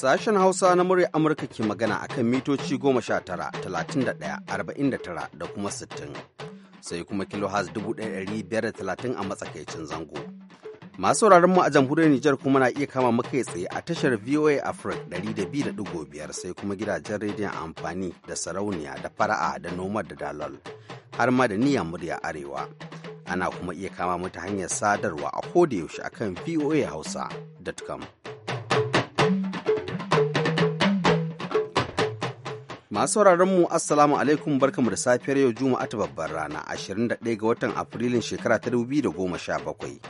Sashen Hausa na murya Amurka ke magana a kan mitoci 19-31-49 da kuma 60. Sai kuma kilohaz 1530 a matsakaicin zango. Masu mu a jamhuriyar Nijar kuma na iya kama maka tsaye a tashar VOA Africa 200.5 sai kuma gidajen rediyon amfani da sarauniya da fara'a da nomad da dalol har ma da niyya murya arewa. Ana kuma iya kama mu hanyar sadarwa a yaushe akan voa hausa.com. Masu sauraron mu Assalamu alaikum barkamu da safiyar yau Juma'a ta babbar rana 21 ga watan Afrilun shekara ta 2017.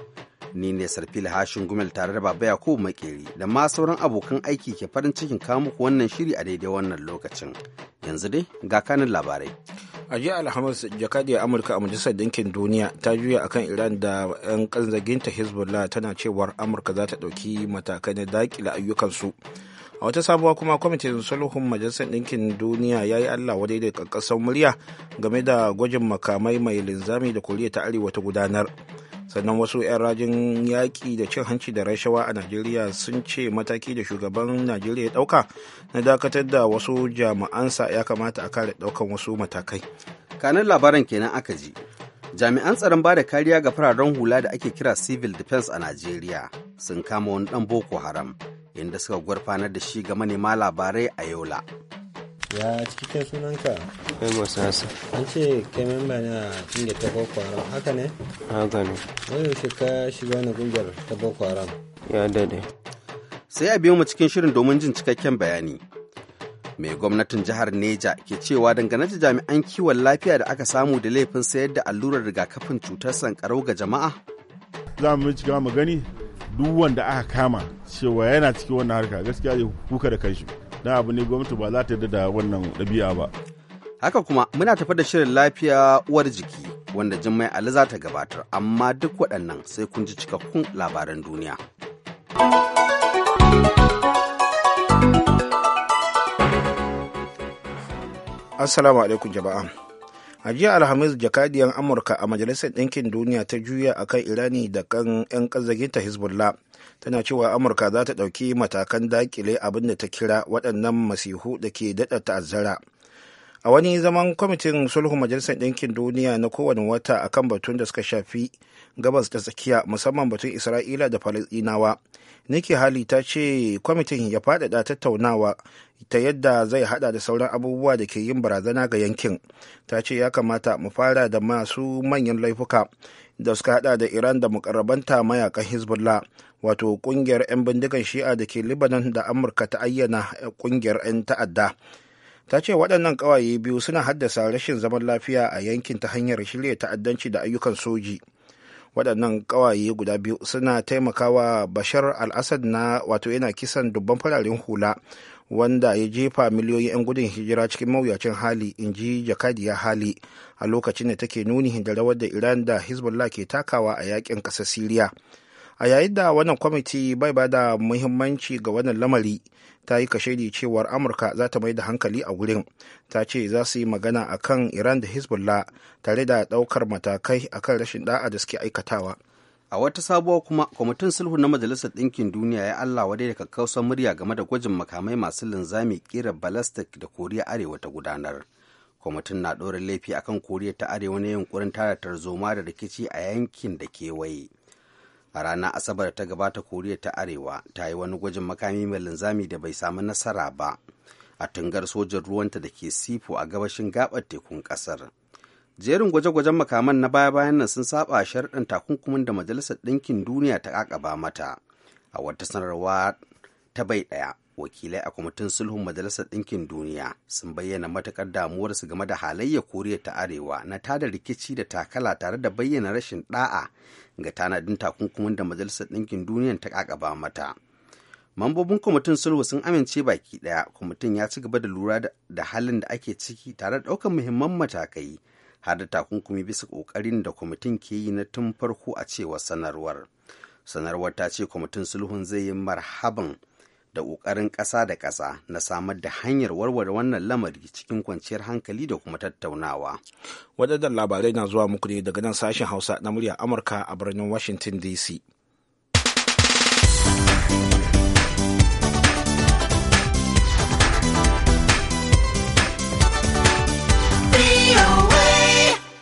Ni ne Sarfil lahashin Gumel tare da Baba Yakubu Makeri da ma sauran abokan aiki ke farin cikin kawo muku wannan shiri a daidai wannan lokacin. Yanzu dai ga kanin labarai. A jiya Alhamis jakadiyar Amurka a Majalisar Dinkin Duniya ta juya akan Iran da 'yan kanzaginta Hezbollah tana cewar Amurka za ta ɗauki matakai na daƙila ayyukansu. su. a wata sabuwa kuma kwamitin sulhun majalisar ɗinkin duniya ya yi allah wadai da ƙaƙƙasar murya game da gwajin makamai mai linzami da koriya ta arewa ta gudanar sannan wasu 'yan rajin yaƙi da cin hanci da rashawa a najeriya sun ce mataki da shugaban najeriya ya ɗauka na dakatar da wasu jami'ansa ya kamata a kare ɗaukan wasu matakai kanin labaran kenan aka ji jami'an tsaron bada kariya ga fararen hula da ake kira civil defense a najeriya sun kama wani ɗan boko haram inda suka gurfanar da shi ga manema labarai a yola ya cikakken sunanka kai masu an ce kai memba na kungiyar ta boko haram haka ne haka ne wani ka shiga wani kungiyar ta boko haram ya dade sai a biyo mu cikin shirin domin jin cikakken bayani mai gwamnatin jihar neja ke cewa dangane da jami'an kiwon lafiya da aka samu da laifin sayar da allurar rigakafin cutar sankarau ga jama'a za mu bincika mu gani duk wanda aka kama cewa yana cikin wannan harka gaskiya ya kuka da kanshi don abu ne gwamnati ba za ta yarda da wannan ɗabi'a ba haka kuma muna tafi da shirin lafiya uwar jiki wanda jimmai ali za ta gabatar amma duk waɗannan sai kun ji cikakkun labaran duniya assalamu alaikum jama'a a jiya alhamis jakadiyar amurka a majalisar ɗinkin duniya ta juya a kan irani da kan 'yan ƙazaginta hezbollah tana cewa amurka za ta ɗauki matakan dakile abinda ta kira waɗannan masihu da ke daɗa ta'azzara a wani zaman kwamitin sulhu majalisar ɗinkin duniya na kowane wata akan batun da suka shafi gabas da tsakiya musamman batun isra'ila da falasinawa niki hali ta ce kwamitin ya faɗaɗa tattaunawa ta yadda zai hada da sauran abubuwa da ke yin barazana ga yankin ta ce ya kamata mu fara da masu manyan laifuka da suka hada da iran da mukarrabanta mayakan hezbollah wato kungiyar 'yan bindigan shi'a da ke libanon da amurka ta ayyana kungiyar 'yan ta'adda ta ce waɗannan ƙawaye biyu suna haddasa rashin zaman lafiya a yankin ta hanyar shirya ta'addanci da ayyukan soji waɗannan ƙawaye guda biyu suna taimakawa bashar al-assad na wato yana kisan dubban fararen hula wanda ya jefa miliyoyin 'yan gudun hijira cikin mawuyacin hali in ji jakadiya hali a lokacin da take nuni da rawar da iran da hezbollah ke takawa a yakin ƙasar siriya a yayin da wannan kwamiti bai ba da muhimmanci ga wannan lamari ta yi kashedi cewar amurka za ta mai da hankali a wurin ta ce za su yi magana a kan iran da hezbollah tare da ɗaukar matakai a kan rashin da'a da suke aikatawa a wata sabuwa kuma kwamitin sulhu na majalisar ɗinkin duniya ya allah wadai da kakkausar murya game da gwajin makamai masu linzami kera balastik da koriya arewa ta gudanar kwamitin na ɗora laifi akan koriya ta arewa na yunkurin tara tarzoma da rikici a yankin da kewaye a ranar asabar ta gabata koriya ta arewa ta yi wani gwajin makami mai linzami da bai samu nasara ba a tungar sojan ruwanta da ke sifo a gabashin gabar tekun kasar jerin gwaje-gwajen makaman na baya-bayan nan sun saba sharɗin takunkumin da majalisar ɗinkin duniya ta kakaba mata a wata sanarwa ta bai ɗaya wakilai a kwamitin sulhun majalisar ɗinkin duniya sun bayyana matakar damuwarsu game da halayya koriya ta arewa na tada rikici da takala tare da bayyana rashin ɗa'a ga tanadin takunkumin da majalisar ɗinkin duniya ta kakaba mata mambobin kwamitin sulhu sun amince baki daya kwamitin ya ci gaba da lura da halin da ake ciki tare da ɗaukan muhimman matakai har da takunkumi bisa ƙoƙarin da kwamitin ke yi na tun farko a cewa sanarwar sanarwar ta ce kwamitin sulhun zai yi marhaban da ƙoƙarin ƙasa da kasa na samar da hanyar warware wannan lamari cikin kwanciyar hankali da kuma tattaunawa. Waɗannan labarai na zuwa muku ne daga nan sashen Hausa na murya Amurka a birnin Washington DC.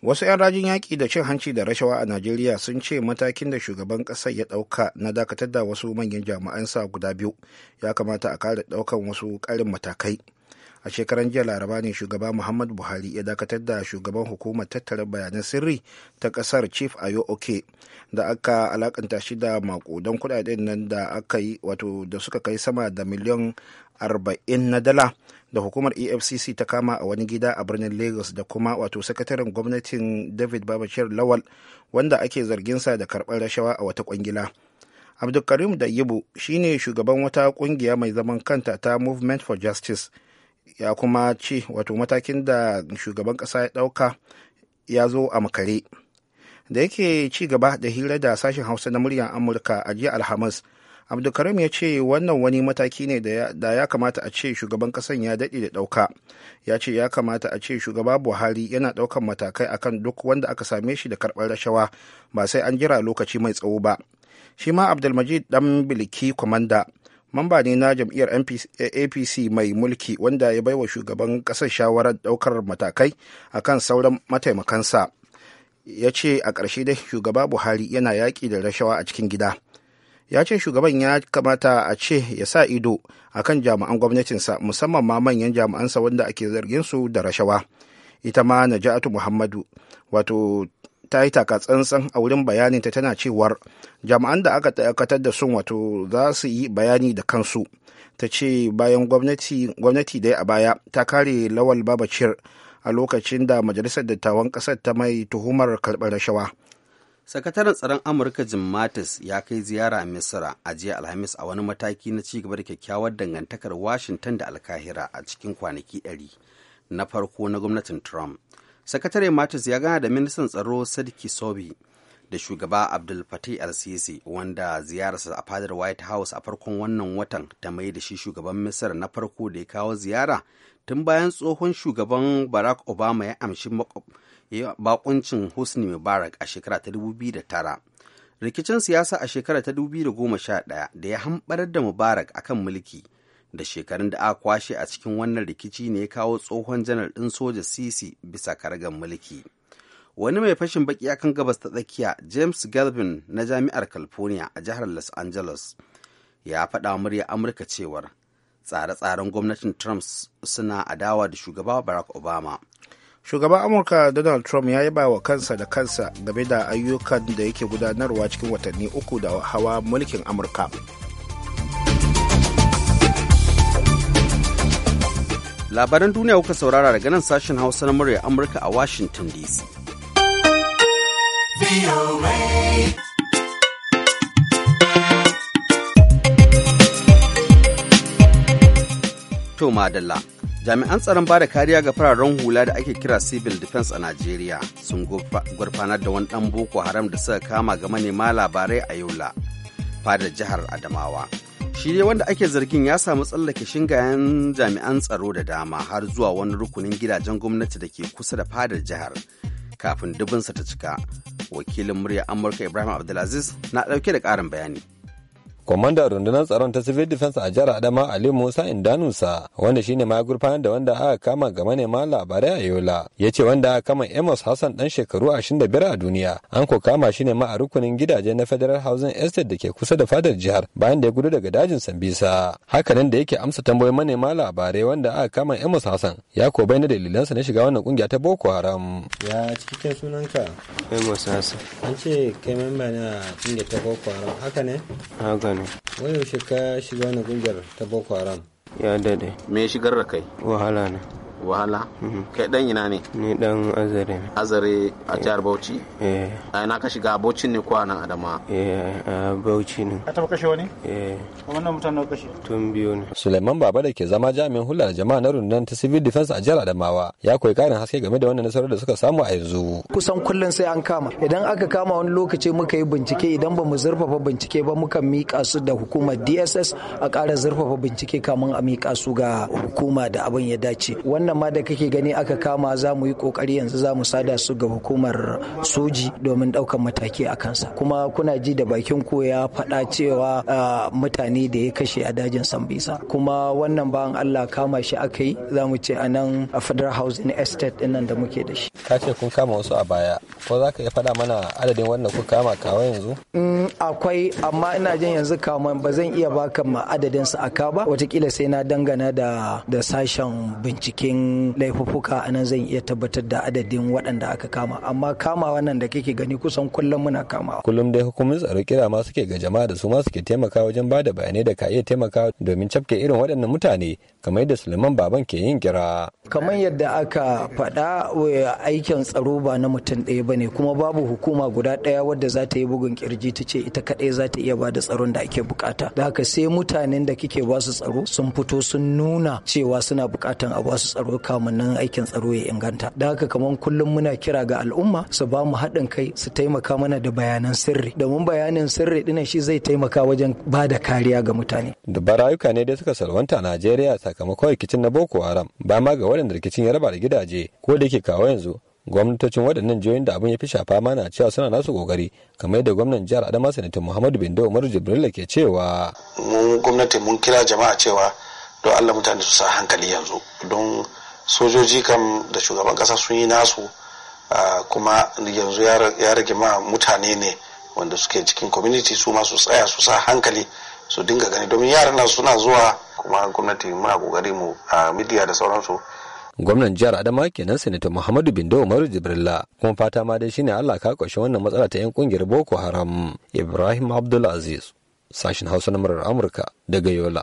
wasu 'yan rajin yaƙi da cin hanci da rashawa a najeriya sun ce matakin da shugaban ƙasar ya ɗauka na dakatar da wasu manyan jami'an sa guda biyu ya kamata a kare ɗaukan wasu ƙarin matakai a shekaran jiya laraba ne shugaba Muhammadu buhari ya dakatar da shugaban hukumar tattara bayanan sirri ta kasar chief ayo oke da aka alakanta shi da makudan kudaden nan da aka yi wato da suka kai sama da miliyan arba'in na dala da hukumar efcc ta kama a wani gida a birnin lagos da kuma wato sakataren gwamnatin david babashir lawal wanda ake zarginsa da karbar rashawa a wata kwangila. abdulkarim da yibu shine shugaban wata kungiya mai zaman kanta ta movement for justice ya kuma ce wato matakin da shugaban ƙasa ya ɗauka ya zo a makare da yake ci gaba da hira da sashen hausa na muryar amurka a jiya alhamis abdulkarim ya ce wannan wani mataki ne da ya kamata a ce shugaban kasan ya daɗe da ɗauka ya ce ya kamata a ce shugaba buhari yana ɗaukan matakai akan duk wanda aka same shi da karɓar rashawa ba sai an jira lokaci mai tsawo ba shi ma abdulmajid dan biliki kwamanda mamba ne na jam'iyyar apc mai mulki wanda ya baiwa shugaban ƙasar shawarar ɗaukar matakai a kan sauran mataimakansa ya ce a ƙarshe dai shugaba buhari yana yaƙi da rashawa a cikin gida ya ce shugaban ya kamata a ce ya sa ido a kan jami'an gwamnatinsa musamman ma manyan jami'ansa wanda ake zargin su da rashawa ita ma naja'atu muhammadu wato ta yi takatsantsan a wurin bayanin ta tana cewar jama'an da aka dakatar da sun wato za su yi bayani da kansu ta ce bayan gwamnati dai a baya ta kare lawal babacir a lokacin da majalisar dattawan ƙasar ta mai tuhumar karɓar rashawa sakataren tsaron amurka jim mattis ya kai ziyara misira a jiya alhamis a wani mataki na cigaba da kyakkyawar dangantakar washington da alkahira a cikin kwanaki 100 na farko na gwamnatin trump sakatare matis ya gana da ministan tsaro sadiki sobi da shugaba abdul fatih al-sisi wanda ziyararsa a fadar white house a farkon wannan watan ta mai da shi shugaban misir na farko da ya kawo ziyara tun bayan tsohon shugaban barack obama ya amshi bakuncin husni mubarak a shekara ta 2009 rikicin siyasa a shekara ta 2011 da ya hambarar da mubarak akan mulki da shekarun da aka kwashe a cikin wannan rikici ne ya kawo tsohon janar ɗin soja sisi bisa karagar mulki wani mai fashin baki akan gabas ta tsakiya james galvin na jami'ar california a jihar los angeles ya faɗa murya amurka cewar tsare-tsaren gwamnatin trump suna adawa da shugaba barack obama shugaban amurka donald trump ya yaba wa kansa da kansa game da ayyukan da yake gudanarwa cikin watanni uku da hawa mulkin amurka labaran duniya kuka saurara daga nan sashen hausa na murya amurka a washington dc to madalla jami'an tsaron bada kariya ga fararen hula da ake kira civil defense a najeriya sun gurfanar da wani ɗan boko haram da suka kama ga manema labarai a yola fadar jihar adamawa shi dai wanda ake zargin ya samu tsallake shingayen jami'an tsaro da dama har zuwa wani rukunin gidajen gwamnati da ke kusa da fadar jihar kafin dubinsa ta cika wakilin murya amurka ibrahim abdulaziz na ɗauke da ƙarin bayani Kwamandan rundunar tsaron ta civil defense a jihar Adama Ali Musa Indanusa wanda shine ma gurfanar da wanda aka kama ga manema labarai a Yola ya ce wanda aka kama Amos Hassan dan shekaru 25 a duniya an ko kama shi ne ma a rukunin gidaje na Federal Housing Estate da ke kusa da fadar jihar bayan da ya gudu daga dajin Sambisa hakanan da yake amsa tambayoyin manema labarai wanda aka kama Amos Hassan ya ko bayyana dalilansa na shiga wannan kungiya ta Boko Haram ya cikakken sunanka Amos Hassan an ce kai memba na kungiya ta Boko Haram haka ne haka ne wani yaushe ka shiga wani gungiyar ta boko haram ya dade me shigar da kai wahala ne wahala mhm. kai dan ina ne ni dan azare ne azare a eh. jihar bauchi eh ai na ka shiga bauchi ne ko nan adama eh a bauchi ne ka taba kashe wani eh wannan mutanen kashe tun biyu ne suleiman baba da ke zama jami'in da jama'a na rundunar ta civil defense a jihar adamawa ya koyi karin haske game da wannan nasarar da suka samu a yanzu kusan kullun sai an kama idan aka kama wani lokaci muka yi bincike idan ba mu zurfafa bincike ba muka mika su da hukumar DSS a ƙara zurfafa bincike kamun a mika su ga hukuma da abin ya dace wannan ma da kake gani aka kama za mu yi kokari yanzu za mu sada su ga hukumar soji domin daukan mataki a kansa kuma kuna ji da bakin ko ya faɗa cewa mutane da ya kashe a dajin sambisa kuma wannan bayan allah kama shi aka yi za mu ce a nan a federal housing estate nan da muke da shi ka ce kun kama wasu a baya ko za ka iya faɗa mana adadin wannan ku kama kawo yanzu mm, akwai amma ina jin yanzu kama ba zan iya baka ma adadin su aka ba watakila sai na dangana da sashen binciken adadin laifuffuka nan zan iya tabbatar da adadin waɗanda aka kama amma kama wannan da kake gani kusan kullum muna kama kullum dai hukumomin tsaro kira ma suke ga jama'a da su ma suke taimaka wajen ba da bayanai da ka iya taimaka domin cafke irin waɗannan mutane kamar yadda Suleiman Baban ke yin kira kamar yadda aka faɗa aikin tsaro ba na mutum ɗaya ba ne kuma babu hukuma guda ɗaya wadda za ta yi bugun kirji ta ce ita kaɗai za ta iya ba da tsaron da ake bukata da haka sai mutanen da kike ba su tsaro sun fito sun nuna cewa suna bukatan a ba su tsaro tsaro kamun aikin tsaro ya inganta da haka kamar kullum muna kira ga al'umma su ba mu haɗin kai su taimaka mana da bayanan sirri domin bayanin sirri ɗinan shi zai taimaka wajen ba da kariya ga mutane dubban rayuka ne da suka salwanta a najeriya sakamakon rikicin na boko haram ba ma ga waɗanda rikicin ya raba da gidaje ko da yake kawo yanzu gwamnatocin waɗannan jihohin da abin ya fi shafa mana na cewa suna nasu kokari kamar yadda gwamnan jihar adama sanatin muhammadu bindo umar jibrila ke cewa mun gwamnati mun kira jama'a cewa don allah mutane su sa hankali yanzu don sojoji kam da shugaban kasa sun yi nasu kuma yanzu ya rage ma mutane ne wanda suke cikin community su ma su tsaya su sa hankali su dinga gani domin yaran nan suna zuwa kuma gwamnati muna kokari mu a midiya da sauransu gwamnan jihar adama kenan senator muhammadu bindo umaru jibrilla kuma fata ma dai shine allah ka kwashe wannan matsala ta yan kungiyar boko haram ibrahim abdulaziz sashin hausa na murar amurka daga yola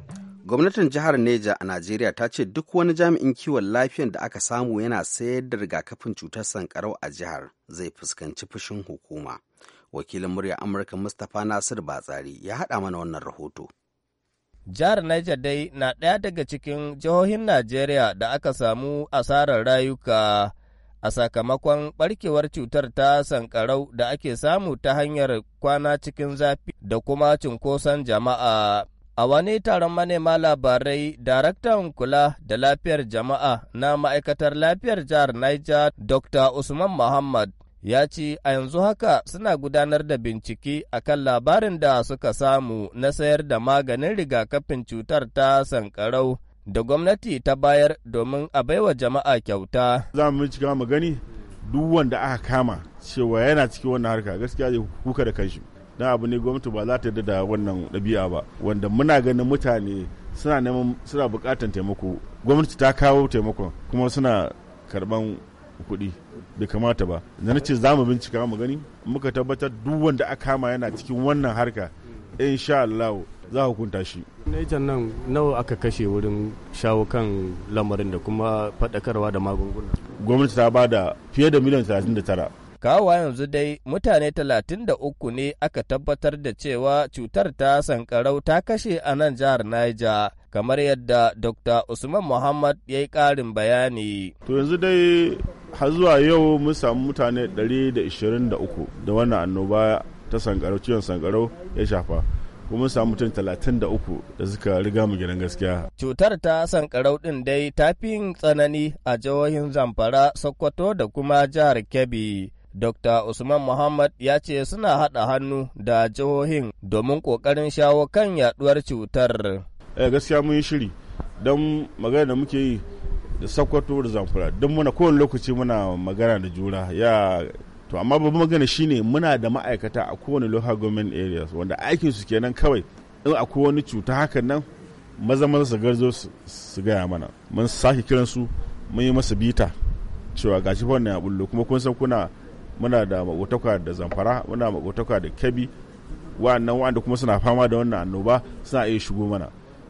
Gwamnatin jihar Neja a Najeriya ta ce duk wani jami'in kiwon lafiyan da aka samu yana sayar da rigakafin cutar sankarau a jihar zai fuskanci fushin hukuma. Wakilin murya Amurka Mustapha Nasir Batsari ya haɗa mana wannan rahoto. Jihar Niger dai na ɗaya daga cikin jihohin Najeriya da aka samu asarar rayuka a sakamakon ɓarkewar cutar ta sankarau da ake samu ta hanyar kwana cikin zafi da kuma cunkoson jama'a. A wani taron manema labarai, daraktan kula da lafiyar jama'a na ma'aikatar lafiyar jihar Niger, Dr. Usman Muhammad, ya ce a yanzu haka suna gudanar da bincike kan labarin da suka samu na sayar da maganin rigakafin cutar ta sankarau da gwamnati ta bayar domin a baiwa jama'a kyauta. Za mu bincika mu duk wanda aka kama cewa yana cikin wannan harka gaskiya zai kuka da kanshi. dan abu ne gwamnati ba za ta yarda da wannan dabi'a ba wanda muna ganin mutane suna neman suna buƙatar taimako gwamnati ta kawo taimakon kuma suna karban kuɗi bai kamata ba na ce za mu bincika mu gani muka tabbatar duk wanda aka kama yana cikin wannan harka insha Allah za hukunta shi nan nawa aka kashe wurin shawo kan lamarin da kuma faɗakarwa da magunguna gwamnati ta ba da fiye da miliyan 39 Kawowa yanzu dai mutane talatin da uku ne aka tabbatar da cewa cutar ta sankarau ta kashe a nan jihar Niger, kamar yadda Dr. Usman Muhammad ya yi ƙarin bayani. To yanzu dai har zuwa yau mun samu mutane 123 da wannan annoba ta sankarau ciwon sankarau ya shafa. kuma samu mutum 33 da da suka riga mu gidan gaskiya. Cutar ta sankarau ɗin dai ta fi yin tsanani a jihohin Zamfara, Sokoto da kuma jihar Kebbi. Dr. Usman Muhammad ya ce suna haɗa hannu da jihohin domin ƙoƙarin shawo kan yaɗuwar cutar. Eh, gaskiya mun yi shiri don magana da muke yi da sakwato da zamfara don muna kowane lokaci muna magana da jura ya to amma babban magana shine muna da ma'aikata a kowane local government areas wanda aikin su kenan kawai in akwai wani cuta hakan nan maza maza su garzo su gaya mana mun sake kiransu mun yi masa bita cewa gashi fa wannan ya bullo kuma kun san kuna muna da makotaka da zamfara muna makotaka da kebbi wa'annan wa'anda kuma suna fama da wannan annoba suna iya shigo mana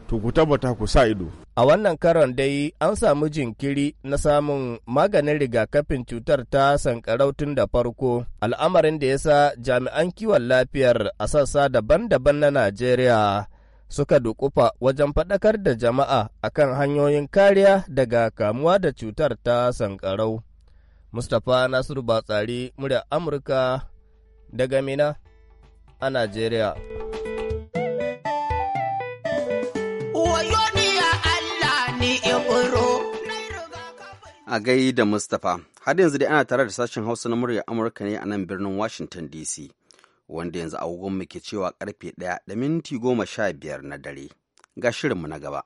to ku tabbata ku sa ido a wannan karon dai an samu jinkiri na samun maganin rigakafin cutar ta sankarau tun da farko al'amarin da ya sa jami'an kiwon lafiyar a sassa daban-daban na najeriya suka dukufa wajen faɗakar da jama'a akan hanyoyin kariya daga kamuwa da cutar ta sankarau Mustapha Nasiru Batsari murya Amurka daga Mina a Najeriya. A gai da Mustapha, har yanzu dai ana tare da sashen Hausa na murya Amurka ne a nan birnin Washington DC, wanda yanzu agogon muke cewa karfe ɗaya da minti goma sha biyar na dare. Ga shirinmu na gaba.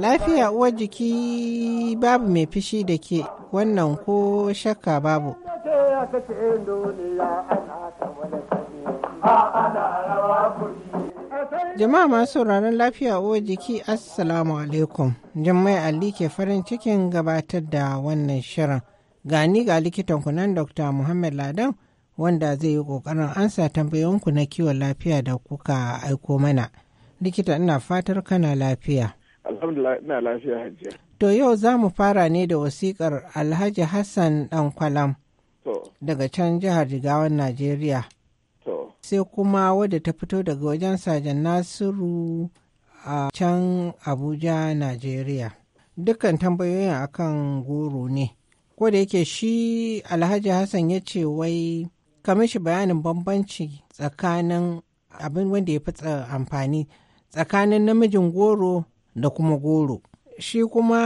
Lafiya uwar jiki babu mai fishi da ke wannan ko shakka babu. Jama'a masu sauraron lafiya uwar jiki Assalamu alaikum. Jummai Ali ke farin cikin gabatar da wannan shirin. Gani ga likitan kunan Dr. Muhammad Ladan wanda zai yi ƙoƙarin ansa tambayoyinku na kiwon lafiya da kuka aiko mana. likita ina fatar kana lafiya alhamdulillah ina lafiya hajiya to yau za mu fara ne da wasikar alhaji hassan ɗan kwalam daga can jihar jigawan najeriya sai kuma wadda ta fito daga wajen sajan nasiru a can abuja najeriya dukkan tambayoyin akan goro ne ko yake shi alhaji hassan ya ce wai shi bayanin bambanci tsakanin abin wanda ya fi amfani tsakanin namijin goro da kuma goro. Shi kuma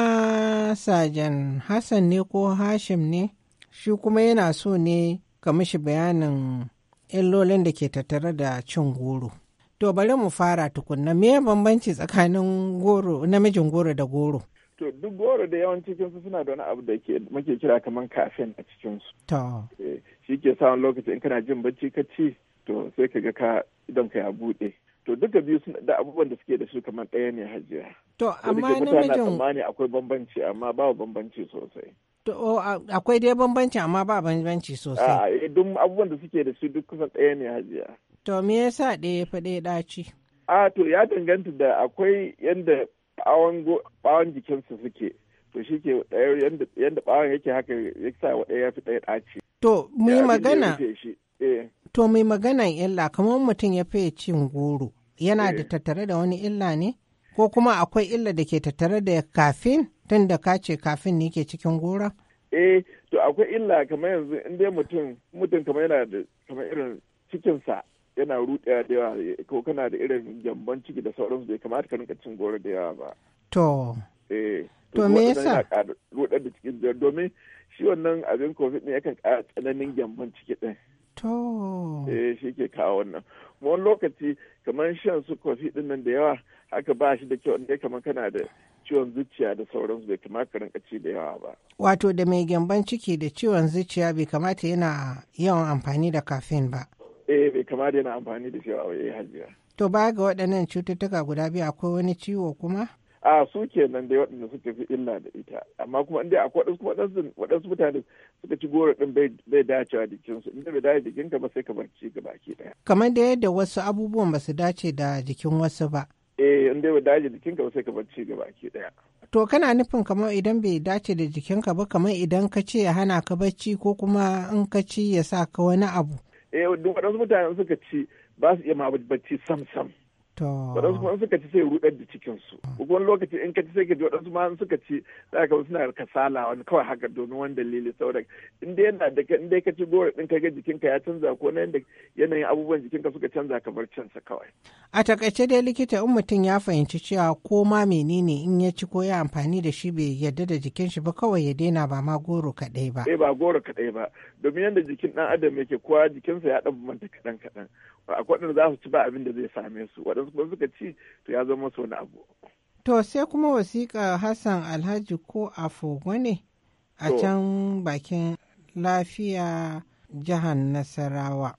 sajan Hassan ne ko Hashim ne, shi kuma yana so ne ka mishi bayanin illolin da ke tattare da cin goro. To bari mu fara tukunna me bambanci tsakanin goro namijin goro da goro. To duk goro da yawan cikinsu suna da wani abu da muke kira kamar kafin a cikinsu. To. Eh, shi ke samun lokaci in kana jin bacci ka ci to sai ka ga ka idan ka ya buɗe. to duka biyu suna da abubuwan da suke da shi kamar ɗaya ne hajiya to amma namijin tsammani akwai bambanci amma ba bambanci sosai to akwai dai bambanci amma ba bambanci sosai a eh, duk abubuwan da suke da shi duk kusan ɗaya ne hajiya to me yasa ɗaya ya ɗaya ɗaci a to ya danganta da akwai yanda ɓawon jikinsu suke to shi ke yadda ɓawon yake haka ya sa wa ɗaya fi ɗaya ɗaci. To, mu yi magana, Eh. To mai maganan illa kamar mutum ya fiye cin goro yana da eh. tattare da wani illa ne? Ko kuma akwai illa da ke tattare da kafin tun da ka ce kafin ne ke cikin gora? Eh, to akwai illa kamar yanzu in dai mutum mutum kamar yana da kamar irin cikinsa yana rudewa da yawa ko kana da irin gyamban ciki da sauransu bai kamata ka rinka cin goro da yawa ba. To. Eh. To me yasa? Rudar da cikin domin shi wannan abin covid ne yakan ƙara tsananin gyamban ciki ɗin. eh shi ke kawo wannan wani lokaci kamar shan su kofi din nan da yawa haka ba shi da kyau ne kamar kana da ciwon zuciya da sauransu bai kamata rinka ci da yawa ba wato da mai gyamban ciki da ciwon zuciya bai kamata yana yawan amfani da kafin ba eh bai kamata yana amfani da shi a eh, hajiya to baya ga waɗannan cututtuka guda biyu akwai wani ciwo kuma a su kenan dai waɗanda suka fi illa da ita amma kuma inda akwai waɗansu waɗansu mutane suka ci goro ɗin bai dace a jikinsu inda bai dace jikinka ba sai ka bar ci gaba ke ɗaya. kamar da yadda wasu abubuwan ba su dace da jikin wasu ba. eh inda bai dace jikinka ba sai ka bar ci gaba ke ɗaya. to kana nufin kamar idan bai dace da jikinka ba kamar idan ka ce ya hana ka bacci ko kuma in ka ci ya sa ka wani abu. eh duk waɗansu mutane suka ci ba su iya ma bacci sam sam. waɗansu kuma suka ci sai rudar da cikin su wani lokaci in ka ci sai ka ji ma suka ci za ka suna kasala wani kawai haka domin wani dalili saboda in dai yana da in dai ka ci goro din ka ga jikinka ya canza ko na yanda yanayin abubuwan ka suka canza kamar sa kawai a takaice dai likita in mutum ya fahimci cewa ko ma menene in ya ci ko ya amfani da shi bai yarda da jikin shi ba kawai ya daina ba ma goro kaɗai ba eh ba goro kaɗai ba domin yadda jikin dan adam yake kowa jikinsa ya ɗan bambanta kaɗan kaɗan akwai waɗanda za su ci ba abin da zai same su waɗansu kuma suka ci to ya zama su wani abu. To sai kuma wasiƙa Hassan Alhaji ko Afogo ne a can bakin lafiya jihar Nasarawa.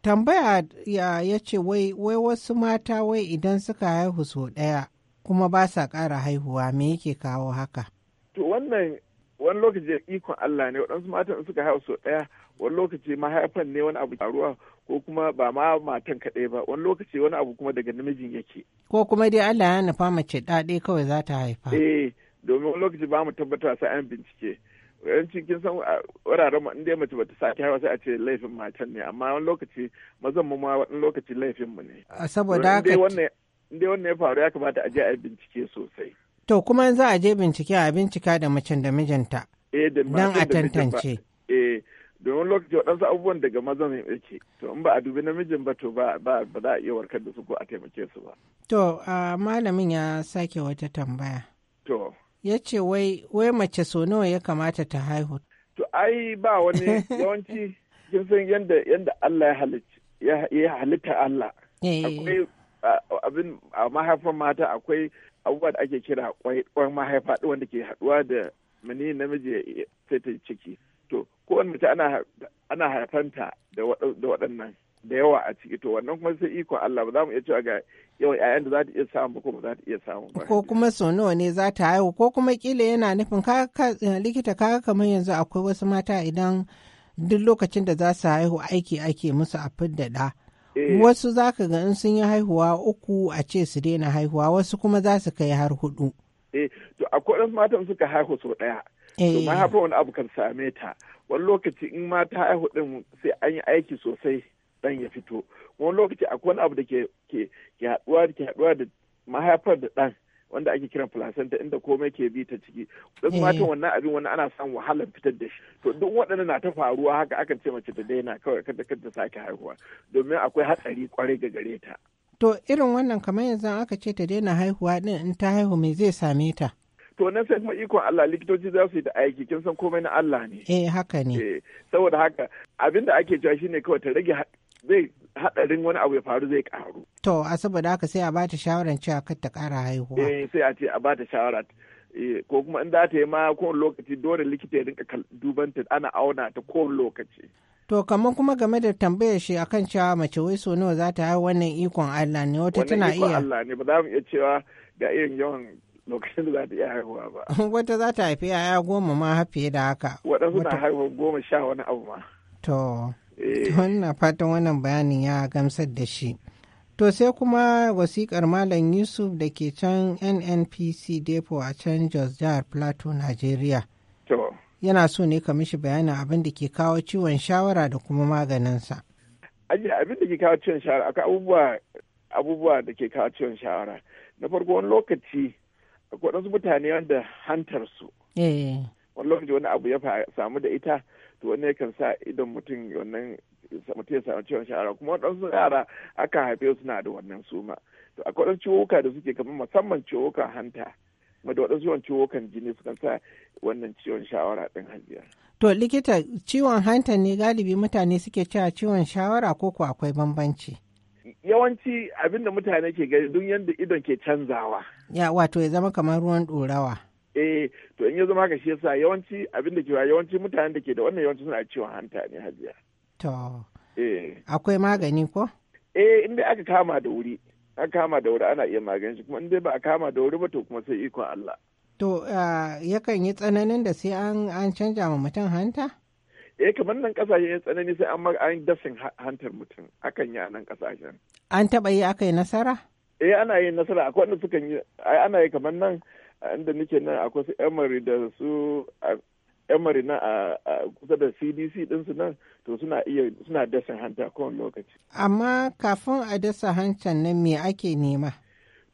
Tambaya ya, ya ce wai wasu mata wai idan suka haihu sau ɗaya kuma ba sa ƙara haihuwa me yake kawo haka? To wannan wani lokaci da ikon Allah ne waɗansu matan suka haihu so ɗaya wani lokaci mahaifan ne wani abu faruwa ko kuma ba ma matan kaɗai ba wani lokaci wani abu kuma daga namijin yake. Ko kuma dai Allah ya nufa mace ɗaɗe kawai za ta haifa. Eh domin wani lokaci ba mu tabbata sai an bincike. Wani kin san wuraren mu inda mace bata sake haihuwa sai a ce laifin matan ne amma wani lokaci mazan mu ma wani lokaci laifin mu ne. Saboda haka. Inde wannan ya faru ya kamata a je a bincike sosai. To kuma za a je bincike a bincika da macen da mijinta. Eh, Don a tantance. Eh, domin lokaci waɗansu abubuwan daga mazan ya yake to in ba a dubi namijin ba to ba za a iya warkar da su ko a taimake su ba. To malamin ya sake wata tambaya. To. Ya ce wai wai mace so nawa ya kamata ta haihu. To ai ba wani yawanci kin san yanda yanda Allah ya halitta ya halitta Allah. Eh. Akwai abin a mahaifin mata akwai abubuwa da ake kira kwan mahaifa wanda ke haɗuwa da mani namiji sai ta ciki to kowane mace ana haifanta da waɗannan da yawa a ciki to wannan kuma sai iko Allah ba za mu iya cewa ga yawan yayan da za ta iya samu ba ko ba za ta iya samu ba ko kuma so nawa ne za ta haihu ko kuma kila yana nufin likita kaga kamar yanzu akwai wasu mata idan duk lokacin da za su haihu aiki ake musu a fidda da Eh. wasu za ka ga in sun yi haihuwa uku a ce su daina haihuwa wasu kuma za su kai har hudu eh to akwai wasu matan suka haihu sau ɗaya to eh. mahaifar wani abu kan same ta wani lokaci in mata ta haihu din sai an yi aiki sosai dan ya fito wani lokaci akwai wani abu da ke haɗuwa da mahaifar da ɗan. wanda ake kiran placenta inda komai ke bi ta ciki duk matan eh. wannan abin wani ana san wahalar fitar da shi to duk waɗannan na ta faruwa haka aka ce mace ta daina kawai kada kada sake haihuwa domin akwai hatsari kwarai ga gare ta to irin wannan kamar yanzu aka ce ta daina haihuwa din in ta haihu me zai same ta to nan sai kuma ikon Allah likitoci za su yi da aiki kin san komai na Allah ne eh haka ne eh, saboda haka abin da ake cewa shine kawai ta rage zai hadarin wani abu ya faru zai karu. To, a saboda haka sai a bata shawarar cewa kar ta kara haihuwa. Eh, sai a ce a bata shawara. Eh, ko kuma in za ta yi ma kowane lokaci dole likita ya rinka duban ta ana auna ta kowane lokaci. To kamar kuma game da tambayar shi akan cewa mace wai so nawa za ta haihu wannan ikon Allah ne wata tana iya. Wannan ikon Allah ne ba za mu iya cewa ga irin yawan lokacin da za ta iya haihuwa ba. Wata za ta haifi yaya goma ma fiye da haka. Waɗansu na haihuwa goma sha wani abu ma. To. Wannan eh. fatan wannan bayanin ya gamsar da shi. To sai kuma wasikar Malam Yusuf da ke can NNPC Depo a can Jos Jihar Plateau, Najeriya. Yana so ne ka mishi bayanin abin da ke kawo ciwon shawara da kuma maganinsa. Abin da ke kawo ciwon shawara, akwai abubuwa da ke kawo ciwon shawara. Na farko wani lokaci akwai waɗansu mutane wanda hantar su. Eh. Wani lokaci wani abu ya samu da ita to wani kan sa idan mutum wannan mutum ya samu ciwon shara kuma waɗansu yara aka haife suna da wannan suma to akwai waɗansu ciwoka da suke kamar musamman ciwoka hanta kuma da waɗansu ciwon ciwokan jini sukan sa wannan ciwon shawara ɗin hajiya. To likita ciwon hanta ne galibi mutane suke cewa ciwon shawara ko ko akwai bambanci? Yawanci abinda mutane ke gani duk yadda idon ke canzawa. Ya wato ya zama kamar ruwan ɗorawa. eh to in ya zama ka shi yasa yawanci abin da ke yawanci mutanen da ke da wannan yawanci suna ciwon hanta ne hajiya to eh akwai magani ko eh inda aka kama da wuri aka kama da wuri ana iya magani shi kuma inda ba a kama da wuri ba to kuma sai ikon Allah to yakan yi tsananin da sai an an canja ma mutum hanta eh kamar nan kasashen ya tsanani sai an an dasin hantar mutum akan yi a nan kasashen an taba yi aka yi nasara eh ana yin nasara akwai wanda sukan yi ana yi kamar nan inda nake nan akwai su emery da su emery na a kusa da cdc ɗinsu nan to suna iya suna dasa hanta kowane lokaci amma kafin a dasa hancan nan me ake nema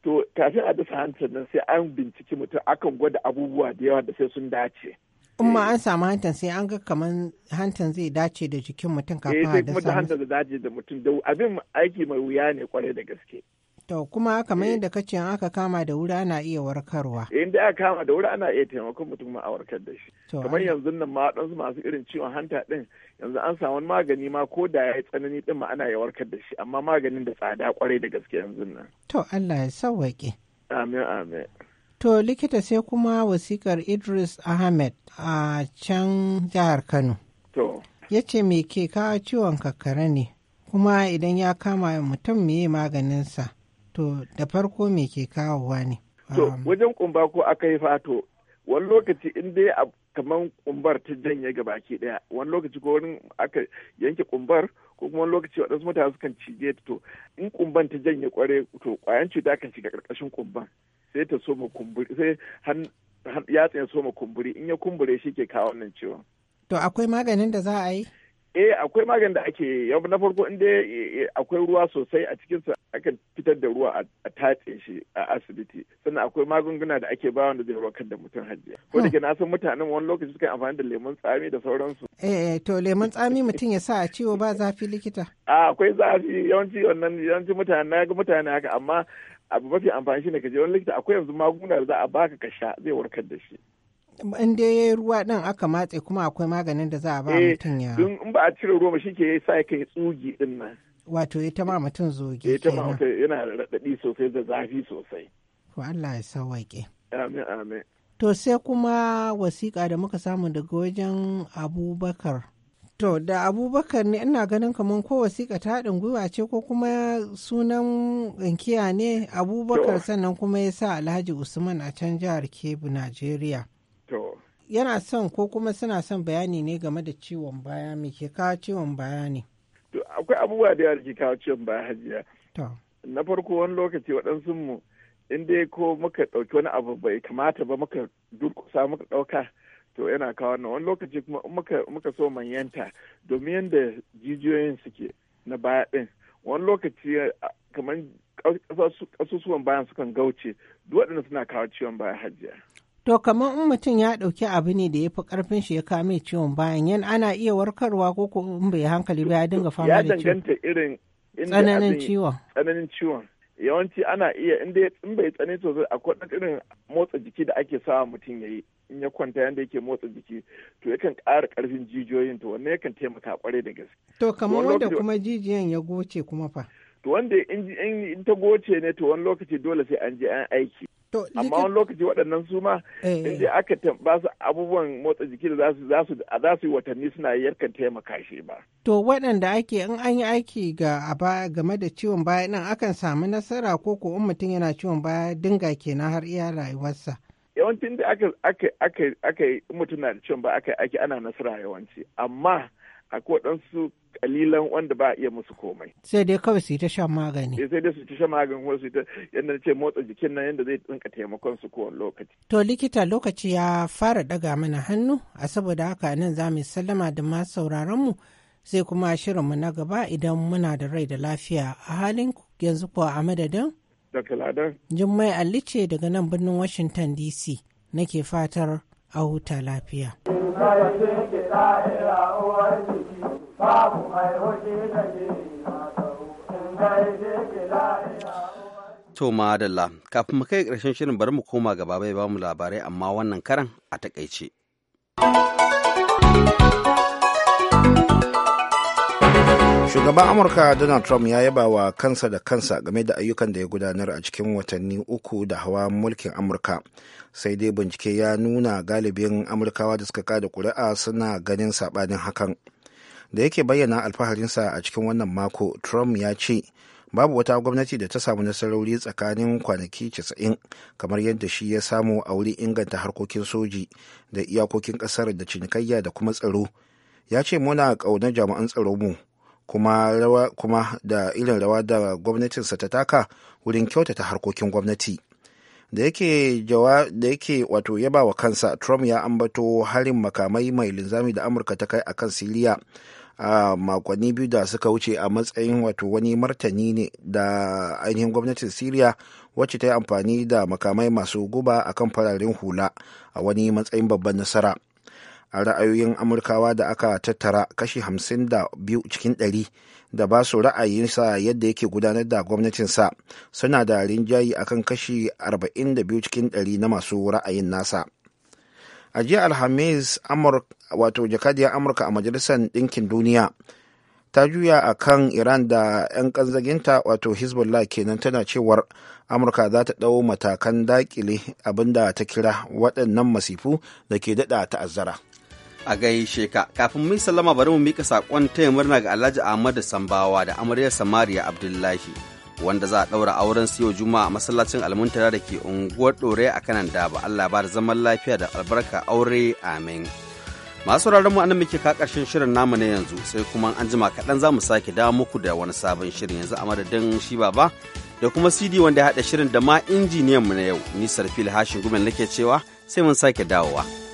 to kafin a dasa hancan nan sai an binciki mutum akan gwada abubuwa da yawa da sai sun dace in ma eh. an samu hantan sai an ga kamar hantan zai dace da jikin mutum kafin eh, a dasa hantan zai dace da mutum da abin aiki mai wuya ne kwarai da gaske To kuma kamar eh. yadda ka ce aka kama da wuri ana iya warkarwa. Eh, in da aka kama da wuri ana iya taimakon mutum ma a warkar da shi. Kamar yanzu nan ma waɗansu masu irin ciwon hanta ɗin yanzu an samu magani ma ko da ya yi tsanani ɗin ma ana iya warkar da shi amma maganin da tsada kwarai da gaske yanzu nan. To Allah ya sauwaƙe. Amin amin. To likita sai kuma wasikar Idris Ahmed a can jihar Kano. To. Ya ce me ke kawo ciwon kakkare ne kuma idan ya kama mutum me sa? To da farko me ke kawowa ne? To um, wajen kumba ko aka yi fato wani lokaci in dai kamar kumbar ta janye ga baki daya wani lokaci ko wani aka yanke kumbar ko kuma wani lokaci waɗansu mutane sukan cije ta to in kumban ta janye kware to kwayan cuta kan shiga karkashin kumban sai ta soma kumburi sai yatsa ya soma kumburi in ya kumbure shi ke kawo wannan ciwon. To akwai maganin da za a yi? eh akwai maganin da ake na farko inda eh, eh, akwai ruwa sosai a cikinsa aka fitar da ruwa a tatse shi a asibiti sannan akwai magunguna da ake bawa da zai warkar da mutum hajji. ko da na san mutanen wani lokaci suka amfani da lemun tsami da sauransu eh, eh to lemun tsami mutum ya sa a ciwo ba zafi likita a ah, akwai zafi yawanci wannan yawanci mutane na ga mutane haka amma abu mafi amfani shine ka je wani likita akwai yanzu magunguna da za a baka ka sha zai warkar da shi in dai yayi ruwa ɗin aka matse kuma akwai maganin da za a ba eh, mutum ya in ba a cire ruwa shi ke sa kai tsugi ɗin nan wato ya tama mutum zogi ya tama mutum yana raɗaɗi sosai da zafi sosai to Allah ya sawaƙe amin amin to sai kuma wasiƙa da muka samu daga wajen abubakar to da abubakar ne ina ganin kamar ko wasiƙa ta haɗin gwiwa ce ko kuma sunan inkiya ne abubakar sannan kuma ya sa alhaji usman a can jihar kebbi najeriya To. Yana son ko kuma suna son bayani ne game da ciwon baya mai ke kawo ciwon baya ne? To akwai abubuwa da yawa ke kawo ciwon baya hajiya. To. Na farko wani lokaci waɗansu mu in dai ko muka ɗauki wani abu bai kamata ba muka durkusa muka ɗauka to yana kawo wannan wani lokaci kuma muka so manyanta domin yadda jijiyoyin suke na baya ɗin wani lokaci eh, kamar ƙasusuwan bayan sukan gauce duk waɗanda suna kawo ciwon baya hajiya. To kamar in mutum ya ɗauki abu ne da ya fi ƙarfin shi ya kame ciwon bayan yan ana iya warkarwa ko ko in bai hankali ba ya dinga fama da ciwon. Ya danganta irin tsananin ciwon. Tsananin ciwon. Yawanci ana iya in in bai tsani sosai akwai ɗan irin motsa jiki da ake sawa mutum ya yi in ya kwanta yadda yake motsa jiki to yakan ƙara ƙarfin jijiyoyin to wannan yakan taimaka ƙwarai da gaske. To kamar wanda kuma jijiyan ya goce kuma fa. To wanda in ta goce ne to wani lokaci dole sai an je an aiki. amma wani lokaci waɗannan su ma eh. inda aka ba su abubuwan motsa jiki da za su yi watanni suna yarkan taimaka shi ba. To waɗanda ake in an yi aiki ga aba game da ciwon baya nan akan samu nasara ko ko in mutum yana ciwon baya dinga kenan har iya rayuwarsa. Yawancin da aka aka aka aka mutum na da ciwon baya aka aiki ana nasara yawanci amma akwai ɗansu ƙalilan wanda ba a iya musu komai. Sai dai kawai su yi ta shan magani. Eh, sai dai su ta shan magani ko su yi ta yadda ce motsa jikin nan yadda zai tsinka taimakon su kowane lokaci. To likita lokaci ya fara ɗaga mana hannu a saboda haka nan za mu sallama da masu sauraron mu sai kuma shirinmu na gaba idan muna da rai da lafiya a halin yanzu kuwa a madadin. Dr. Ladan. Jummai Alice daga nan birnin Washington DC nake fatar a huta lafiya. To madalla kafin mu kai ƙarshen shirin bari mu koma gaba bai bamu labarai amma wannan karan a takaice. shugaban amurka donald trump ya yaba wa kansa da kansa game da ayyukan da ya gudanar a cikin watanni uku da hawa mulkin amurka sai dai bincike ya nuna galibin amurkawa da suka kada kuri'a suna ganin sabanin hakan da yake bayyana alfaharinsa a cikin wannan mako trump ya ce babu wata gwamnati da ta samu nasarori tsakanin kwanaki 90 kamar yadda shi ya samu a wurin inganta harkokin soji da iyakokin kasar da cinikayya da kuma tsaro ya ce muna ƙaunar jami'an tsaro mu kuma, rawa, kuma da irin rawa da gwamnatinsa ta taka wurin kyautata harkokin gwamnati da yake da yake wato yaba wa kansa trump ya ambato harin makamai mai linzami da amurka ta kai akan siriya a makonni biyu da suka wuce a matsayin wato wani martani ne da ainihin gwamnatin siriya wacce ta yi amfani da makamai masu guba akan fararen hula a wani matsayin babban nasara a ra'ayoyin amurkawa da aka tattara kashi 52 cikin 100 da ba su ra'ayinsa yadda yake gudanar da gwamnatinsa suna da rinjayi akan kashi 42 cikin 100 na masu ra'ayin nasa a jiya alhamis wato jakadiyar amurka a majalisar ɗinkin duniya ta juya a kan iran da 'yan kanzaginta wato hezbollah kenan tana cewar amurka za ta ɗau matakan daƙile abinda ta kira waɗannan masifu da ke daɗa ta'azzara. a gaishe ka kafin mu sallama bari mu mika sakon taya murna ga Alhaji Ahmadu Sambawa da amaryar Samariya Abdullahi wanda za a ɗaura auren su yau juma'a masallacin almuntara da ke unguwar ɗore a kanan daba Allah ba da zaman lafiya da albarka aure amin masu mu anan muke ka karshen shirin namu na yanzu sai kuma an jima kaɗan za mu sake dawo muku da wani sabon shirin yanzu a madadin shi baba da kuma cd wanda ya haɗa shirin da ma injiniyan mu na yau ni Sarfil hashin gumen nake cewa sai mun sake dawowa.